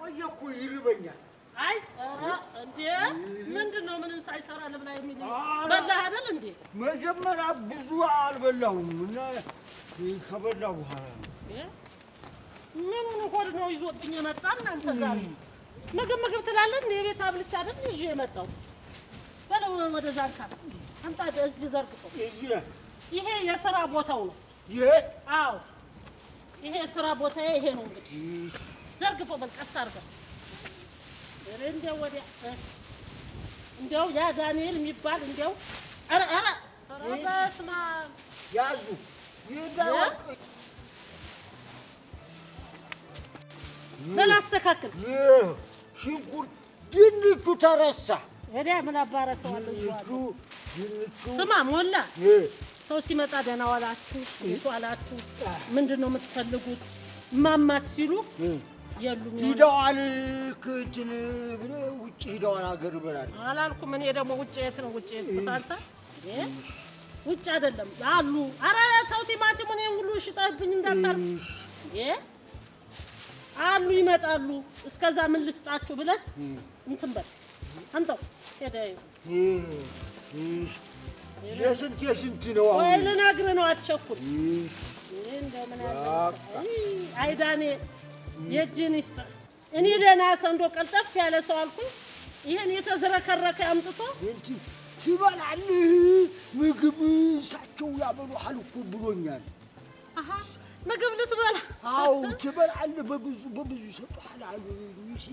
ከቆየ እኮ ይርበኛል። አይ እንዴ ምንድን ነው? ምንም ሳይሰራ ልብላ የሚል በላህ አይደል እንዴ? መጀመሪያ ብዙ አልበላሁም እና ከበላሁ በኋላ ምኑን ሆድ ነው ይዞብኝ የመጣ? እናንተ ዛሬ ምግብ ምግብ ትላለህ። የቤት አብልቻ አይደል ይዤ የመጣው በለው። ወደ ዛንካ አምጣ፣ እዚህ ዘርግፈው። ይሄ የሥራ ቦታው ነው። አዎ ይሄ የሥራ ቦታዬ ይሄ ነው እንግዲህ ዘርግፎ በል ቀስ አድርገው እንደው ወዲያ እንደው ያ ዳንኤል የሚባል እንደው ኧረ ኧረ በስመ አብ ያዙ በላስተካክል ሽንኩርት ድንቹ ተረሳ። ወዲያ ምን አባረሰዋለሁ። ስማ ሞላ፣ ሰው ሲመጣ ደህና ዋላችሁ፣ ዋላችሁ ምንድን ነው የምትፈልጉት? ማማስ ሲሉ ሂደዋል እንትን ብለህ ውጭ ሂደዋል ሀገር ብላለች አላልኩም። እኔ ደግሞ ውጭ የት ነው ውጭ የት ቦታ ውጭ አይደለም አሉ። ኧረ ሰው ቲማቲሙን ይሄን ሁሉ ሽጠህብኝ እንዳታርፍ አሉ ይመጣሉ። እስከዛ ምን ልስጣችሁ ብለህ እንትን በል አንተው ሄደህ የስንት የስንት ነው ወይ ልነግርህ ነው። አትቸኩል። እንደው ምን አለ አይ የእጅህን ይስጥህ። እኔ ደህና ሰው እንደው ቀልጠፍ ያለ ሰው አልኩኝ። ይህን የተዝረከረከ አምጥቶ ትበላለህ ምግብ እሳቸው ያበሉሃል እኮ ብሎኛል። ምግብ ልትበላ? አዎ ትበላለህ። በብዙ በብዙ ይሰጡሃል አሉ።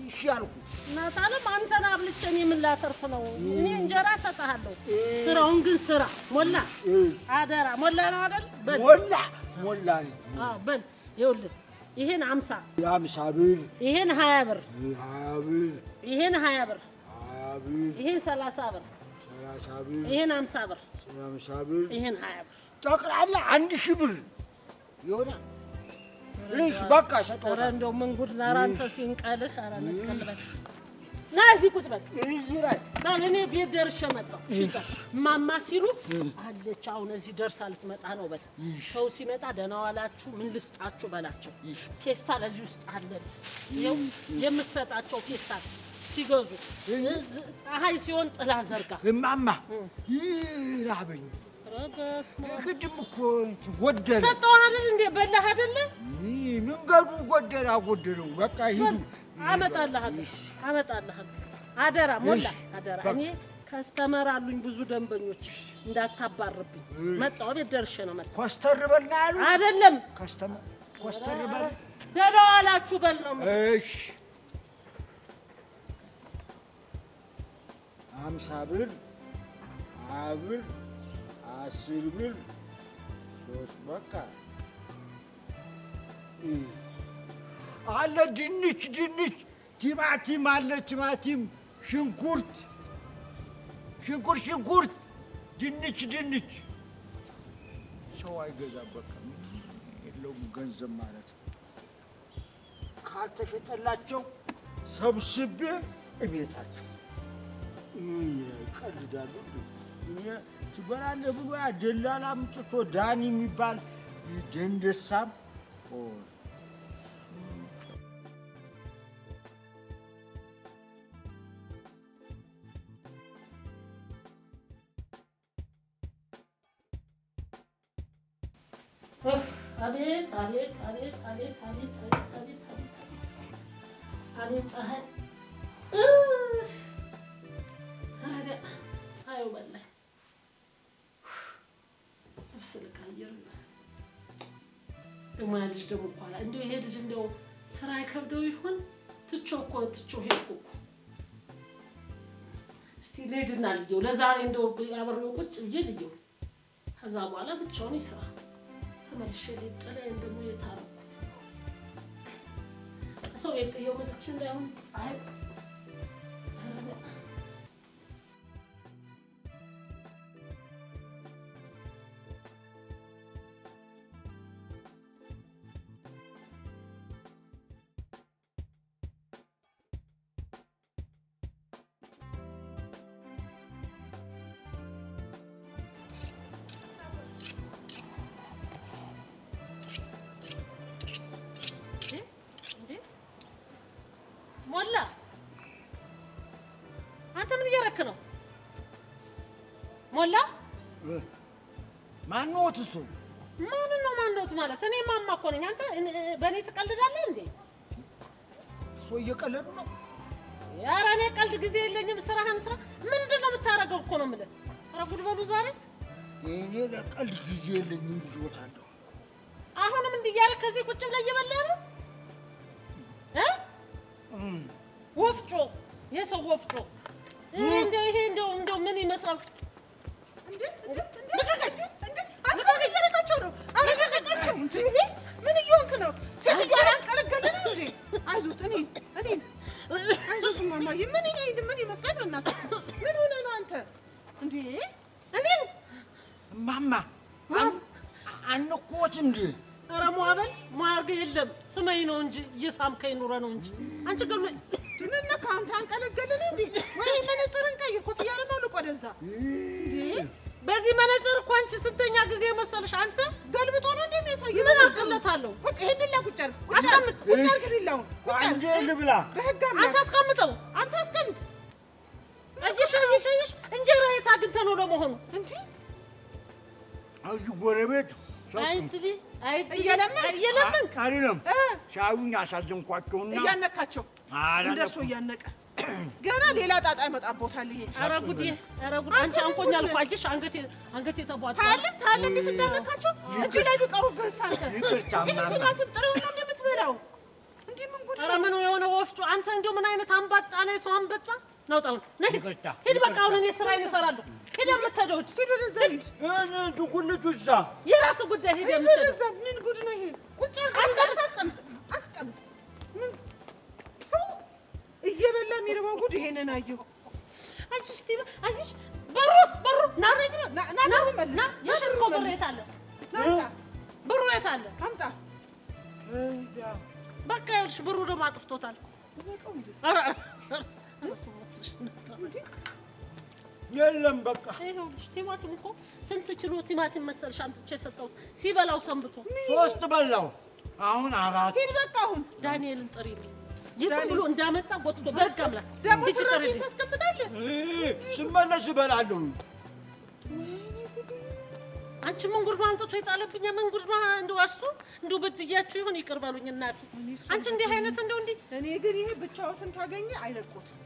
እሺ አልኩህ። እናታለም አንተን አብልቼ እኔ ምን ላተርፍ ነው? እኔ እንጀራ እሰጥሃለሁ። ስራውን ግን ስራ። ሞላ አደራ። ሞላ ነው አይደል? በል ሞላ ሞላ። አዎ በል ይኸውልህ ይሄን አምሳ የአምሳ ብር ይሄን ሀያ ብር ሀያ ብር ይሄን ሀያ ብር ይሄን ሰላሳ ብር ይሄን አምሳ ብር አምሳ ብር ይሄን ሀያ ብር ጠቅላላ አንድ ሺህ ብር ይሆናል። እሺ በቃ ሰጠ። ኧረ እንደው ምን ጉድ! ኧረ አንተ ሲንቀልህ! ኧረ እንቀልበል ና እዚህ ቁጭ በል። እኔ ቤት ደርሼ መጣሁ። እማማ ሲሉ አለች አሁን እዚህ ደርሳ ልትመጣ ነው። በል ሰው ሲመጣ ደህና ዋላችሁ ምን ልስጣችሁ በላቸው። ፌስታል እዚህ ውስጥ አለ ይኸው የምትሰጣቸው ፌስታል ሲገዙ ፀሐይ ሲሆን ጥላ ዘርጋ። እማማ ይራበኝ ቅድም እኮ ጎደለ ሰጠሁ አይደል? እንደ በላህ አይደለ? መንገዱ ጎደለ አጎደለው። በቃ ሂዱ አመጣልሃለሁ አመጣልሃለሁ። አደራ ሞላ አደራ። እኔ ከስተመር አሉኝ ብዙ ደንበኞች እንዳታባርብኝ። መጣሁ፣ ቤት ደርሼ ነው መጣሁ። ኮስተር በል ነው ያሉኝ አይደለም? ከስተመር ኮስተር በል ደህና ዋላችሁ በል ነው። እሺ አምሳ ብር አብር አስር ብር ሶስት በቃ አለ ድንች፣ ድንች፣ ቲማቲም አለ ቲማቲም፣ ሽንኩርት፣ ሽንኩርት፣ ሽንኩርት፣ ድንች፣ ድንች። ሰው አይገዛም። በቃ የለውም ገንዘብ ማለት ካልተሸጠላቸው ሰብስቤ እቤታቸው ይቀልዳሉ። ትበላለህ ብሎ ደላላ አምጥቶ ዳኒ የሚባል ደንደሳም አቤት አቤት አቤት አቤት አቤት አቤት አቤት ፀሐይ ፀሐዩ በላኝ። ልብስ ልቀይር ደግሞ ያ ልጅ ደግሞ በኋላ እንደው ይሄ ልጅ እንደው ስራ ይከብደው ይሆን? ትቾ እኮ ትቾ ሄድኩ እኮ። እስቲ ልሂድና ልየው፣ ለዛሬ እንደው አብሬው ቁጭ ብዬ ልየው። ከዛ በኋላ ትቼውን ይስራ። ተመልሼ ሊጥ ላይ ደግሞ የታረኩት ሰው ቤት ጥየው መጥቼ እንዳይሆን ፀሐይ ማለት እኔ ማማ እኮ ነኝ። አንተ በእኔ ትቀልዳለህ እንዴ? እሱ እየቀለዱ ነው። ኧረ እኔ ቀልድ ጊዜ የለኝም። ስራህን ስራ። ምንድን ነው የምታደርገው? እኮ ነው የምልህ። ኧረ ጉድ በሉ ዛሬ። እኔ ለቀልድ ጊዜ የለኝም። ብዞታለሁ። አሁንም እንዲህ እያደረግ ከዚህ ቁጭ ብለህ እየበላህ ነው። ወፍጮ፣ የሰው ወፍጮ እንደው ይሄ እንደው እንደው ምን ይመስላል? እንዴ? እንዴ? ምን እየሆንክ ነው? ሴትዮዋ አንቀለገለን እንዴ? አይዞት እኔ እኔ አይዞት ማማዬ። ምን እኔ ምን ይመስላል? በእናትህ ምን ሆነህ ነው አንተ? እንዴ እኔ ማማ አንኮት እንዴ? ኧረ ሟበል ሟርገ የለም ስመኝ ነው እንጂ እየሳምከኝ ኑረ ነው እንጂ አንቺ ገ ምን ነካ አንተ? አንቀለገለን እንዴ? ወይ መነጽርን ቀይር፣ ኮፍያ ለማውልቅ ወደዛ እንዴ በዚህ መነጽር እኮ አንቺ ስንተኛ ጊዜ መሰለሽ? አንተ ገልብጦ ነው እንደሚያሳየው። ምን አቅለታለሁ? ይሄን ቁጭ አስቀምጥ፣ አንተ አስቀምጠው፣ አንተ አስቀምጥ። እጅሽ እጅሽ እንጀራ የት አግኝተህ ነው ለመሆኑ? እንጂ እዚህ ጎረቤት አይትዲ እየለመንክ አይደለም። ሳያዩኝ አሳዘንኳቸውና እያነካቸው እንደሱ እያነቀ ገና ሌላ ጣጣ ይመጣቦታል። ይሄ ኧረ ጉዴ! አንቺ አንቆኛል እኮ አየሽ፣ አንገቴ አንገቴ ተቧጥ ታለ ታለ እንዴት ላይ ነው እንደምትበላው እንዴ! ምን ጉድ! የሆነ ወፍጮ! አንተ እንደው ምን አይነት አንባጣ ነው? የሰው አንበጣ ነው። ጠሉ ነህ ሂድ በቃ። አሁን እኔ ስራ ይሰራለሁ። ሂድ የምትሄደው ሂድ፣ ወደ ሂድ። እኔ ጉልቹ ጉዳይ ሂድ፣ የምትሄደው ምን ጉድ ነው ይሄ? ቁጭ አስቀምጥ፣ አስቀምጥ እየበላ የሚርበው ጉድ ይሄንን አየሁ። አንቺስ አንቺስ በሩስ በሩ ናሬት ናሩ ብሩ የት አለ? አምጣ በቃ ይኸውልሽ፣ ብሩ ደግሞ አጥፍቶታል። የለም በቃ ይኸውልሽ፣ ቲማቲም እኮ ስንት ችሎ ቲማቲም መሰልሽ አምጥቼ የሰጠሁት ሲበላው ሰንብቶ ሶስት በላው። አሁን አራት ሂድ በቃ አሁን ዳንኤልን ጥሪልኝ የትም ብሎ እንዳመጣ ጎትቶ በህግ አምላክ ደግሞ ታስቀምጣለህ። ስመለስ እበላለሁ። አንቺ ምን አንጥቶ የጣለብኝ ምን እንደው እሱ እንደው በድያችሁ ይሆን ይቅር በሉኝ እናቴ። አንቺ እንዲህ አይነት እንደው እንዲህ እኔ ግን ይሄ ብቻዎትን ታገኘ አይለቁትም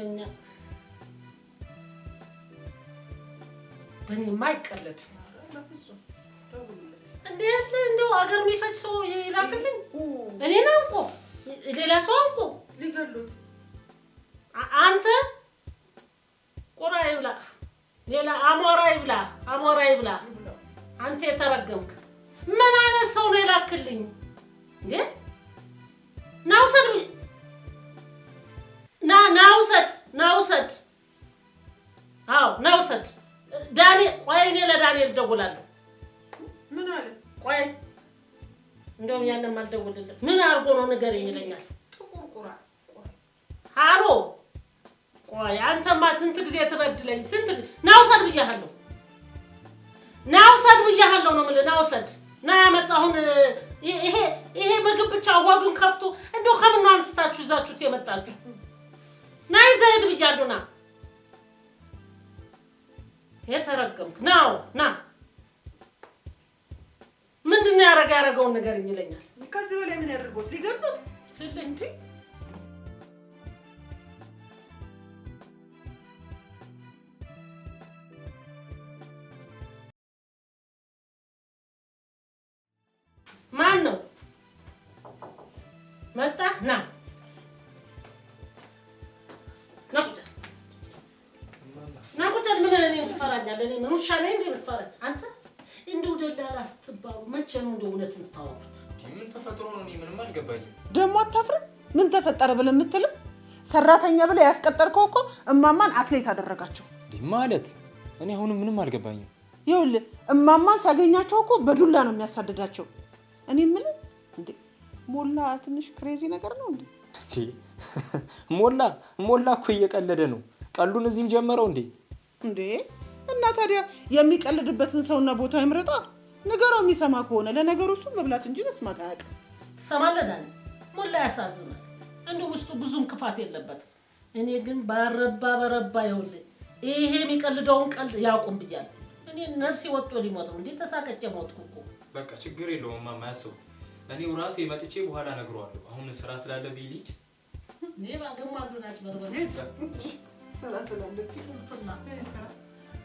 ምንኛ በእኔማ አይቀለድ እንደ ያለ እንደው አገር የሚፈጭ ሰው ይላክልኝ። እኔን አንቆ ሌላ ሰው አንቆ ሊገሉት አንተ ቁራ ይብላ፣ ሌላ አሞራ ይብላ፣ አሞራ ይብላ። አንተ የተረገምክ ምን አይነት ሰው ነው የላክልኝ? ናውሰድ ና ና ውሰድ ና ውሰድ። አዎ ና ውሰድ። ዳንኤል ቆይ፣ እኔ ለዳንኤል እደውላለሁ። ምን አለ? ቆይ እንደውም ያንም አልደውልለት ምን አድርጎ ነው ንገረኝ ይለኛል። ጥቁር ቆይ አንተማ ስንት ጊዜ ትበድለኝ? ስንት ና ውሰድ ብያለሁ፣ ና ውሰድ ብያለሁ ነው የምልህ። ና ውሰድ ና ያመጣሁን ይሄ ይሄ ምግብ ብቻ ሆዱን ከፍቶ እንደው ከምነው አንስታችሁ ይዛችሁት የመጣችሁ ናይ ዘህድ ብያለሁ። ና የተረገምክ ናው ና ምንድን ነው ያደረገ ያደረገውን ነገር ይለኛል። ከዚህ በላይ ምን ያደርጎት ሊገሉት ልል እንጂ ማን ነው መጣ ና ታወራኛለህ? ምን ውሻ ነኝ እንዴ የምትፈረድ አንተ? እንደው ደላላ ስትባሉ መቼ ነው እንደው እውነት የምታወሩት? ምን ተፈጥሮ ነው? እኔ ምንም አልገባኝም። ደግሞ አታፍርም? ምን ተፈጠረ ብለህ የምትልም ሰራተኛ ብለህ ያስቀጠርከው እኮ እማማን አትሌት አደረጋቸው ማለት። እኔ አሁንም ምንም አልገባኝም። ይኸውልህ እማማን ሲያገኛቸው እኮ በዱላ ነው የሚያሳድዳቸው። እኔ የምልህ እንዴ ሞላ ትንሽ ክሬዚ ነገር ነው እንዴ? ሞላ ሞላ እኮ እየቀለደ ነው። ቀሉን እዚህም ጀመረው እንዴ? እንዴ እና ታዲያ የሚቀልድበትን ሰውና ቦታ ይምረጣ። ነገሯ የሚሰማ ከሆነ ለነገሩ እሱን መብላት እንጂ መስማት አያውቅም። ትሰማለህ ዳኒ? ሞላ ያሳዝናል። እንዲሁ ውስጡ ብዙም ክፋት የለበትም። እኔ ግን ባረባ በረባ ይኸውልህ ይሄ የሚቀልደውን ቀልድ ያውቁም ብያለሁ። እኔ ነፍሴ ወጥቶ ሊሞት ነው። እንዴት ተሳቀጨ ሞትኩ እኮ። በቃ ችግር የለውም ማማ ያስቡ። እኔው ራሴ መጥቼ በኋላ እነግረዋለሁ። አሁን ስራ ስላለ ቢልጅ እኔ ባገማ አንዱ ናች በርበር ስራ ስላለ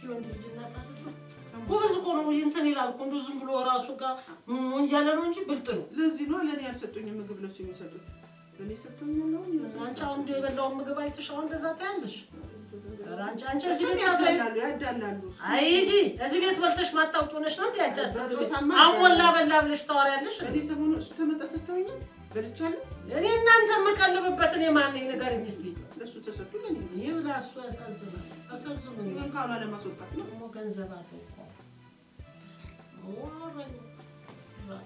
ሲሆን ልጅ ጎበዝ እኮ ነው። እንትን ይላል እኮ እንደው ዝም ብሎ ራሱ ጋር እንጃለ ነው እንጂ ብልጥ ነው። ለዚህ ነው ለእኔ ያልሰጡኝም ምግብ ለሱ የሚሰጡት ለእኔ ሰጡኝ ነው። አንቺ አሁን የበላውን ምግብ አይተሽ አሁን እንደዛ ታያለሽ። እዚህ ቤት በልተሽ ማታውቂ ሆነሽ ነው ያጫስ አሞላ በላ ብለሽ ታወሪያለሽ። እኔ እናንተ የምቀልብበት እኔ ማን ንገረኝ እስኪ። ለሱ ተሰጡ እሱ ያሳዝናል። ለማስወጣት ነው። ገንዘብ አለው እኮ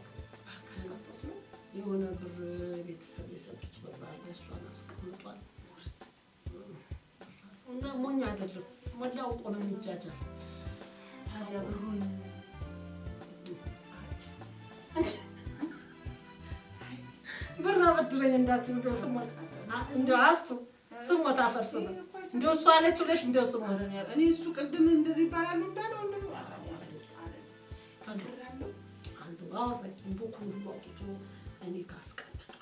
የሆነ ብር ቤተሰብ የሰጡት ብር አለ። እሷን አስቀምጧል። እና ሞኝ አይደለም፣ መላ አውቆ ነው የሚጃጃል። ታዲያ ብሩን ብር አበድረኝ እንዳትሉ እንደው ስሞታ አፈርስ ነው እንደው እሱ አለች ብለሽ እንደው እሱ እኔ እሱ ቅድም እንደዚህ ይባላል እንዳለው አንዱ ጋር እኔ ካስቀመጥኩ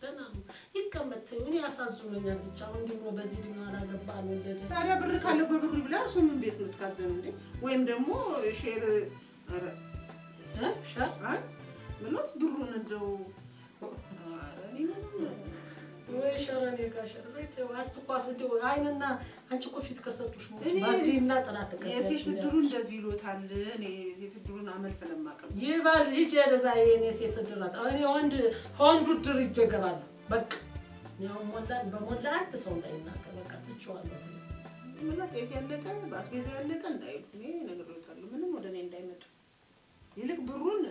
ደህና ነው ይቀመጥ። እኔ ያሳዝኑኛል ብቻ ወንድም ነው። በዚህ ድን አላገባ ነው ታዲያ ብር ካለው በብሩ ብላ እሱ ምን ቤት ነው እንዴ? ወይም ደግሞ ሼር አይንና አንቺ እኮ ፊት ከሰጡሽ ሞች ባዝሪና ጥናት ተከታሽ የሴት እድሩ እንደዚህ ይሎታል። እኔ የሴት እድሩን አመል ስለማቀም ይባል ልጅ ያደዛ የኔ ሴት እድራት እኔ ወንድ ከወንዱ እድር ይጀገባል። በቃ ያው ሞላን በሞላ አንድ ሰው እንዳይናገር በቃ ትችዋለሁ። ምላ ያለቀ በአስቤዛ ያለቀ እንዳይሉ እኔ ነግሬዎታለሁ። ምንም ወደ እኔ እንዳይመጡ ይልቅ ብሩን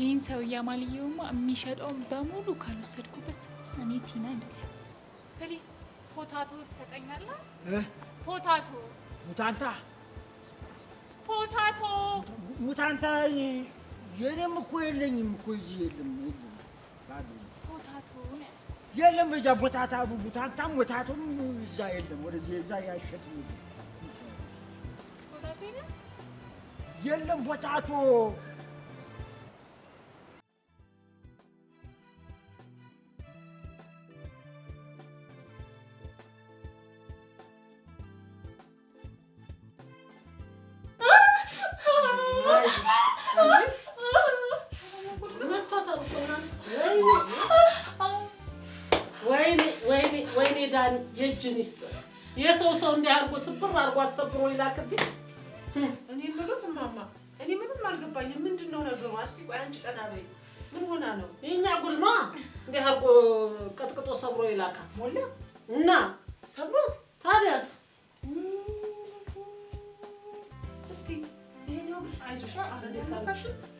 ይህን ሰው እያማልየውማ የሚሸጠውን በሙሉ ካልወሰድኩበት እኔ ቲና አይደለም። ፕሊዝ ፖታቶ ትሰጠኛለህ? ፖታቶ ሙታንታ ፖታቶ ሙታንታ የኔም እኮ የለኝም እኮ እዚህ የለም የለም ፖታቶ የለም ቦታታ ሙታንታም ቦታቶም እዛ የለም ወደዚህ እዛ ያሸጥ የለም ቦታቶ ወይኔ ዳኒ የእጅን ይስጥ። የሰው ሰው እንዲህ አድርጎ ስብር አድርጎ አሰብሮ ይላክብኝ። እኔ የምልዎት እማማ፣ እኔ ምንም አልገባኝም። ምንድን ነው ነገሩ? እስኪ ቆይ አንቺ ቀና በይ። ምን ሆና ነው? የእኛ ጉድ ነዋ። እንዲህ አድርጎ ቀጥቅጦ ሰብሮ ይላካት ሞላ እና ሰብሮት ታዲያስ እስኪ ይሄኛው አይዞሽ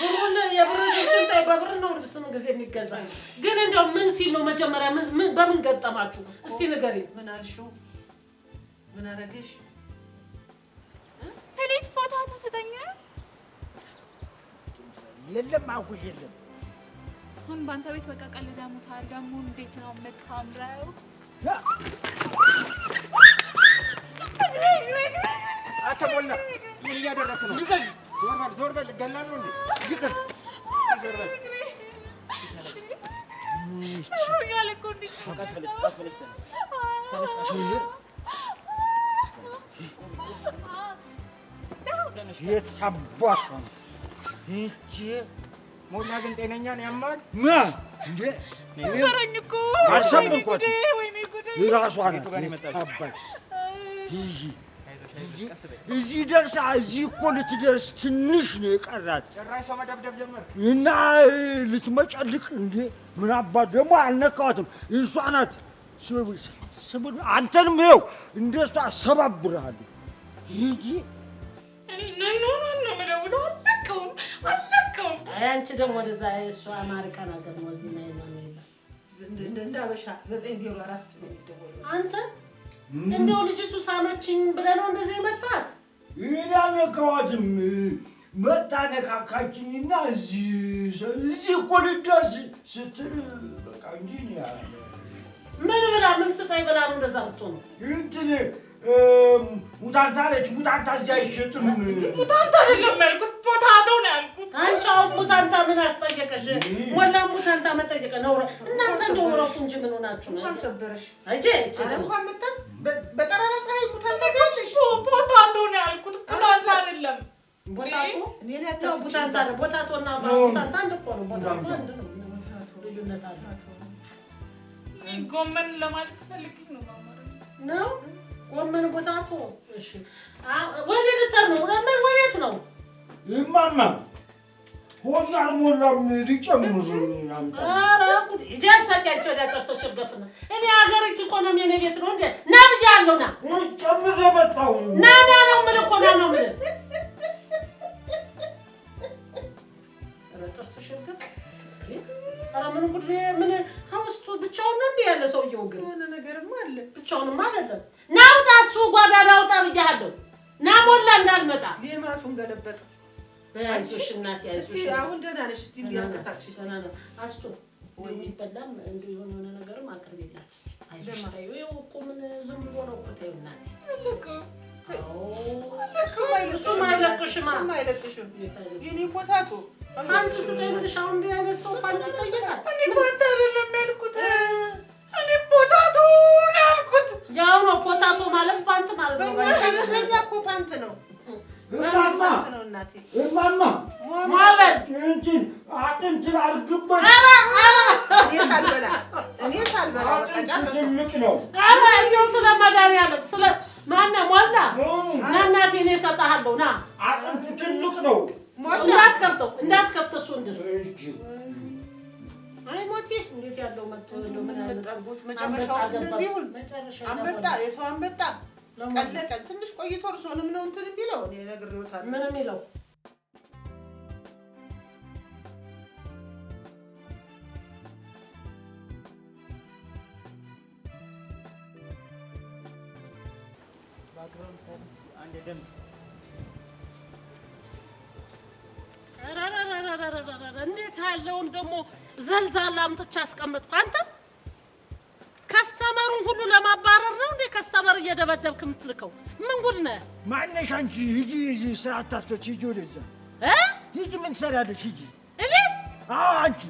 ብሩን የብሩን ስንታይ በብር ነው ስም ጊዜ የሚገዛ ግን እንደው ምን ሲል ነው መጀመሪያ በምን ገጠማችሁ? እስቲ ንገሪኝ። ምን አልሽው? ምን አረገሽ? ፕሊዝ ፎቶ አቶ የለም አልኩሽ የለም። አሁን በአንተ ቤት በቃ ቀልድ አሙታል። ደግሞ እንዴት ነው የምታምረው? አተሞላ ምን እያደረክ ነው? ዞር በል ገላሉ እንዴ! ይቅር ዞር በል የት አባት ይቺ ሞላ ግን ጤነኛን ያማል እንዴ? ንገረኝ እኮ አልሰማሁም እኮ እራሷ እዚህ ደርሳ እዚህ እኮ ልትደርስ ትንሽ ነው የቀራት እና ልትመጨልቅ እንዴ! ምን አባት ደግሞ አልነካዋትም። እሷ ናት አንተንም ይኸው እንደ እሷ ሂጂ አንቺ ደግሞ ወደዛ እሷ አማሪካ ነገር ነው። እዚህ ነው እንዳበሻ ዘጠኝ ዜሮ አራት ነው የሚደወለው አንተ እንደው ልጅቱ ሳመችኝ ብለህ ነው እንደዚህ የመጣት? ይህን አልነካኋትም። መጣ ነካካችኝና እዚህ እኮ ልደርስ ስትል በቃ እንጂ ምን ብላ ምን ስጠኝ ብላ ነው እንደዛ ምቶ ነው ሙታንታ አለች። ሙታንታ እዚህ አይሸጥም። ሙታንታ አይደለም ያልኩት ፖታቶ ነው ያልኩት። አንቺ አሁን ሙታንታ ምን አስጠየቀሽ? ወላ ሙታንታ መጠየቀ ነው። እናንተ እንደው እረፉ እንጂ ምን ሆናችሁ ነው? ሰበረሽ አይቼ እንኳን መጣ በጠራራ ፀሐይ ሙታንታ ያለሽ ፖታቶ ነው ያልኩት። ሙታንታ አይደለም ቦታቶና ቦታታ አንድ ነው። ቦታቶ አንድ ነው። ልዩነት አለ። ጎመን ለማለት ፈልግ ነው ነው ጎመን ቦታ እሺ፣ ወዴት ነው? ጎመን ወዴት ነው? ይማማ ሆድ አልሞላም። ሊጨምሩ እጃሳጫቸው ዳጨርሶች ገፍና እኔ ሀገር ኢኮኖሚ የእኔ ቤት ነው እንዴ? ና ብያለሁ። ና ጨምረ መጣሁ። ና ና ነው ምን እኮ ና ነው ምን ጥርሶች ገፍ ምን ጉድ ምን ብቻውን ነው እንዴ ያለ ሰውየው? ግን የሆነ ነገርም አለ። ብቻውንም አይደለም። ና ውጣ፣ እሱ ጓዳዳ ውጣ ብያለሁ። ና ሞላ እንዳልመጣ ሌማቱን ገለበጠ። አይዞሽ እናቴ አይዞሽ። አሁን ደህና ነሽ? እስቲ እንዲያንቀሳቅሽ ደህና ነው። አስቶ የሚበላም እንዲሁ የሆነ ነገርም አቅርቤላት እስቲ። አይዞሽ ታዩ። ይኸው እኮ ምን ዝም ብሎ ነው እኮ ታዩ እናቴ። ልክ እሱም አይለቅሽም፣ አይለቅሽም የኔ ኮታቶ አንቺ ስጠኝ ብለሽ አሁን እንዲህ አይነት ሰው ይጠየቃል? እኔ እኮ አይደለም ያልኩት፣ እኔ ፖታቶ ነው ያልኩት። ያው ነው ፖታቶ ማለት ፓንት ማለት ነው። በእኛ እኮ ፓንት ነው። እማማ ሞላ ና እናቴ፣ እኔ እሰጥሃለሁ ና አጥንቱ ትልቅ ነው። እንዳትከፍተው እንዳትከፍተው እሱ ድስት አይ ሞቴ እንዴት ያለው መጥቶ መጨረሻው እንደዚህ አንበጣ የሰው አንበጣ ቀለቀ ትንሽ ቆይቶ እርሶንም ነው እንትን የሚለው እኔ እነግርዎታለሁ አንድ እንዴት ያለውን ደግሞ ዘልዛላ አምጥቼ አስቀምጥኩ። አንተ ከስተመሩን ሁሉ ለማባረር ነው እንዴ? ከስተመር እየደበደብክ የምትልከው ምን ጉድ ነህ? ማነሽ አንቺ? ሂጂ ስራ አታስቶች፣ ሂጂ ወደዛ ሂጂ። ምን ትሰሪያለሽ? ሂጂ። እኔ አንቺ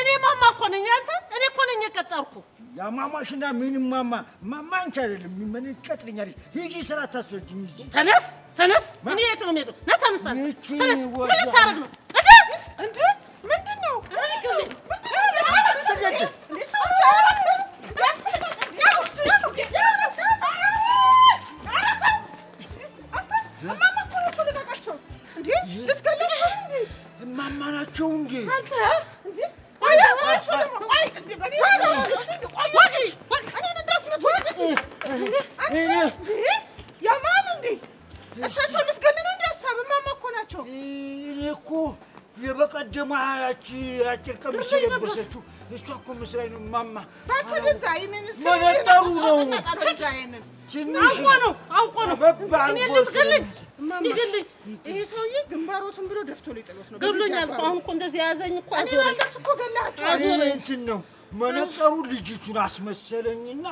እኔ ማማ እኮ ነኝ። አንተ እኔ እኮ ነኝ የቀጠርኩ። ያማማሽና ምንም ማማ ማማ አንቺ አይደለም ምን ቀጥልኛለሽ? ሂጂ ስራ አታስቶች፣ ሂጂ። ተነስ ተነስ። እኔ የት ነው የምሄደው? ና ተነስ፣ ተነስ። ምን ልታረግ ነው? እንዴ ምንድን ነው? እማማ የማን እንዴ? እሳቸው ልትገል ነው እንዲ ሀሳብ እማማ እኮ ናቸው። እኔ እኮ የበቀደማ ያቺ አጭር ቀሚስ የለበሰችው እሷ እኮ ምስራይ ነው። ማማ መነጠሩ ነው። ትንሽ ነው። አውቆ ነው ይሄ ሰውዬ ግንባሮትን ብሎ ደፍቶ ሊጥሎት ነው። ገሎኛል። አሁን እኮ እንደዚህ የያዘኝ እኮ እንትን ነው። መነጠሩ ልጅቱን አስመሰለኝና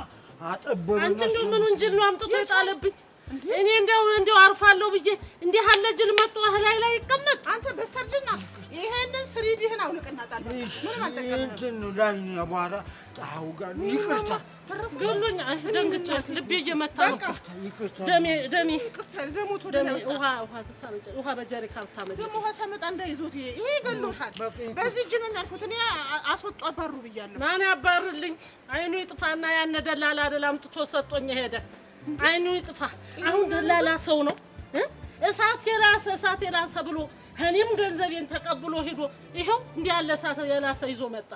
አጠበበ። አንቺ እንደው ምን ወንጀል ነው አምጥቶ የጣለብኝ? እኔ እንደው እንደው አርፋለሁ ብዬ እንዲህ አለ ጅል መጥቶ ላይ ላይ ይቀመጥ። አንተ በስተርጅና ይሄንን ስሪዲህን አውልቅና ጣል። ምንም አልጠቀመም። እንትን ላይ ነው አቧራ ጣው ጋር ይቅርታ፣ ገሎኛ ደንግጫት፣ ልቤ እየመታ ነው። ደሜ ደሜ ደሞት ወደ ላይ ውሃ ውሃ ታመጭ ውሃ በጀሪካ ታመጭ ደሞ ውሃ ሰመጣ እንዳይዞት ይሄ ይሄ ገሎታል። በዚህ እጅ ነው የሚያልፉት። እኔ አስወጡ አባሩ ብያለሁ። ማን ያባርልኝ? አይኑ ይጥፋና ያነደላላ አይደል አምጥቶ ሰጦኝ ሄደ። አይኑ ይጥፋ። አሁን ደላላ ሰው ነው። እሳት የላሰ እሳት የላሰ ብሎ እኔም ገንዘቤን ተቀብሎ ሄዶ ይኸው እንዲህ ያለ እሳት የላሰ ይዞ መጣ።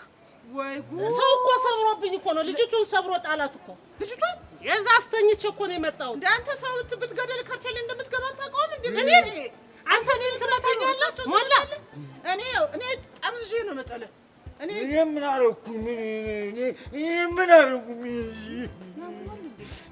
ሰው እኮ ሰብሮብኝ እኮ ነው። ልጅቱን ሰብሮ ጣላት እኮ ልጅቱን። የዛ አስተኝቼ እኮ ነው የመጣሁት። እንደ አንተ ሰው ብትገደል ከርቸሌ እንደምትገባ ታውቀውም እንዴ? አንተ እኔን ትመታኛለህ ሞላ። እኔ እኔ ጠምዝዤ ነው መጠለህ እኔ ምን አደረኩ? ምን እኔ ምን አደረኩ? ምን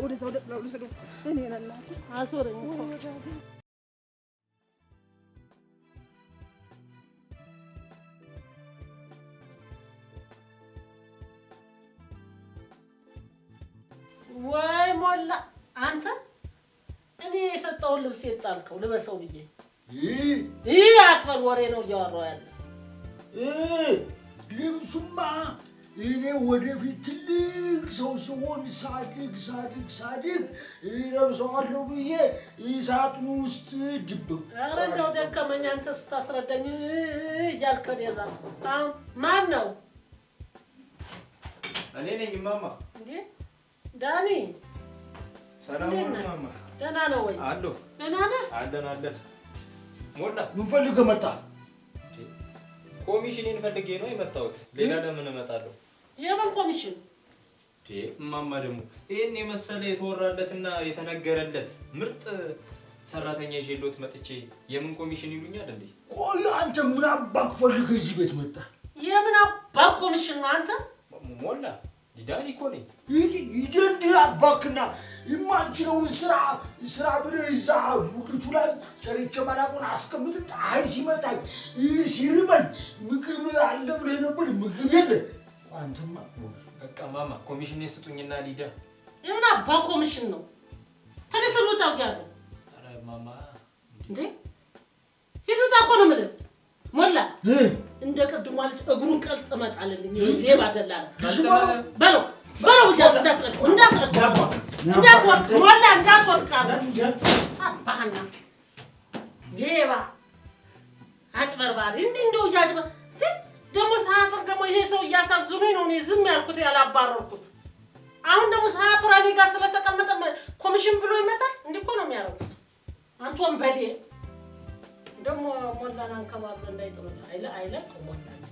ወደዛ ወደ ጥላው ልሄዱ እኔ ናናት አዞረኝ ወይ ሞላ አንተ እኔ የሰጠውን ልብስ የጣልከው ልበሰው ብዬ ይህ አትበል፣ ወሬ ነው እያወራሁ ያለ ልብሱማ እኔ ወደፊት ትልቅ ሰው ስሆን ሳድግ ሳድግ ሳድግ ለብሰዋለሁ ብዬ ሳጥኑ ውስጥ ድብም። ኧረ እንደው ደከመኝ አንተ ስታስረዳኝ እያልክ ወደዛ። አሁን ማን ነው? እኔ ነኝ እማማ። እንዴ ዳኒ፣ ሰላም እማማ። ደህና ነው ወይ? አሎ ደህና ነህ? አለን አለን። ሞላ፣ ምን ፈልገህ መጣህ? ኮሚሽኔን ፈልጌ ነው የመጣሁት። ሌላ ለምን እመጣለሁ? የምን ኮሚሽን እማማ ደግሞ ይህን የመሰለ የተወራለትና የተነገረለት ምርጥ ሰራተኛ ይዤልዎት መጥቼ የምን ኮሚሽን ይሉኛል እንዴ? ቆይ አንተ ምን አባክ ፈልገህ እዚህ ቤት መጣ? የምን አባክ ኮሚሽን ነው? አንተ ሞላ ዲዳን እኮ ነኝ። ይደንድል አባክና የማልችለውን ስራ ስራ ብለህ እዛ ውቅቱ ላይ ሰርቼ ማላቁን አስቀምጥ። ፀሐይ ሲመታኝ ሲርበኝ ምግብ አለ ብለህ ነበር፣ ምግብ የለ አንተማ በቃ ማማ ኮሚሽን ስጡኝና ሊዳ የምን አባ ኮሚሽን ነው? ተነስ ልውጣ እያለሁ። ማማ እንዴ ሂድ ውጣ ነው የምልህ። ሞላ እንደ ቅድሙ ማለት እግሩን ቀልጥ እመጣለሁ። ሌባ ደላላ በለው በለው እያለሁ እንዳትረግ እንዳትረግ እንዳትወርቅ ሞላ እንዳትወርቅ አባህና ሌባ አጭበርባሪ እንዲህ እንደው እያጭበ ደግሞ ሳያፍር ደግሞ ይሄ ሰው እያሳዝኑኝ ነው እኔ ዝም ያልኩት ያላባረርኩት። አሁን ደግሞ ሳያፍር እኔ ጋር ስለተቀመጠ ኮሚሽን ብሎ ይመጣል። እንዲህ እኮ ነው የሚያደርጉት። አንተ ወንበዴ ደግሞ ሞላን አንከባብሎ እንዳይጥሉ አይለቅ ሞላ